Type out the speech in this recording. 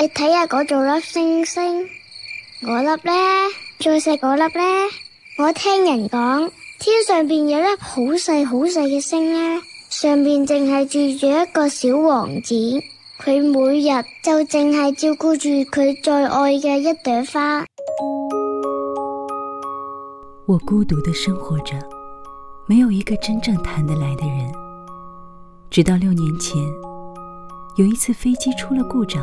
你睇下嗰度粒星星，嗰粒咧最細嗰粒咧。我聽人講，天上邊有粒好細好細嘅星咧，上邊淨係住住一個小王子，佢每日就淨係照顧住佢最愛嘅一朵花。我孤獨嘅生活着，沒有一個真正談得來嘅人。直到六年前，有一次飛機出了故障。